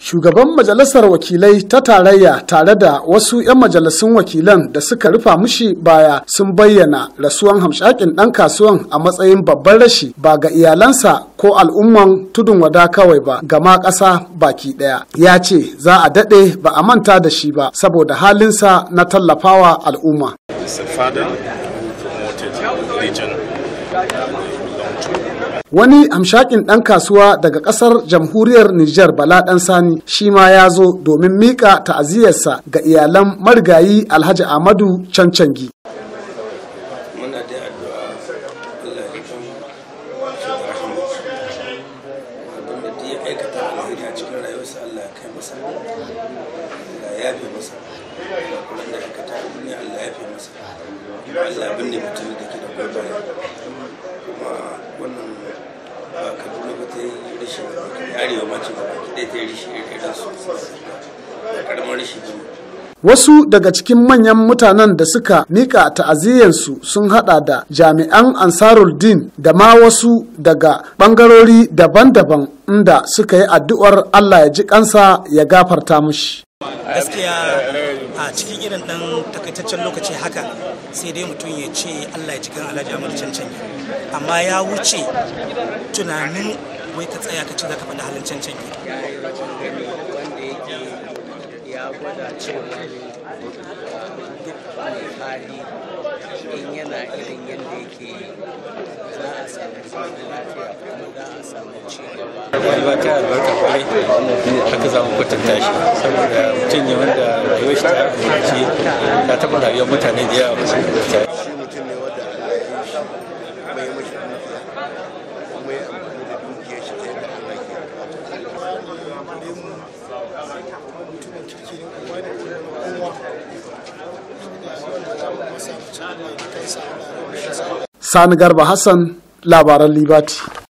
Shugaban majalisar wakilai ta tarayya tare da wasu 'yan majalisun wakilan da suka rufa mushi baya sun bayyana rasuwan hamshakin ɗan kasuwan a matsayin babban rashi ba ga iyalansa ko al'umman tudun wada kawai ba gama ƙasa baki ɗaya. Ya ce za a daɗe ba a manta da shi ba saboda halinsa na tallafawa al'umma. Wani amshakin ɗan kasuwa daga ƙasar jamhuriyar Nijar Bala ɗan Sani shi ma ya zo domin miƙa ta'aziyarsa ga iyalan marigayi Alhaji Ahmadu Cancangi. Allah Wasu daga cikin manyan mutanen da suka mika su sun hada da jami'an Ansarul Din da ma wasu daga bangarori daban-daban inda suka yi addu'ar Allah ya ji kansa ya gafarta mushi. Gaskiya a cikin irin dan takaitaccen lokaci haka sai dai mutum ya ce Allah ya ji kan Alhaji Amadu cancanci amma ya wuce tunanin wai ka tsaya ka ce za faɗi halin can can ya yi wanda yake ya gwada cewa eh, duk mai hali in yana irin yadda yake za a samu zaman lafiya kuma za a samu ci gaba. ta albarka kwarai haka za mu kwatanta shi saboda mutum ne wanda rayuwar shi ta ta taɓa rayuwar mutane da yawa ta mu Sani Garba Hassan labaran Libati.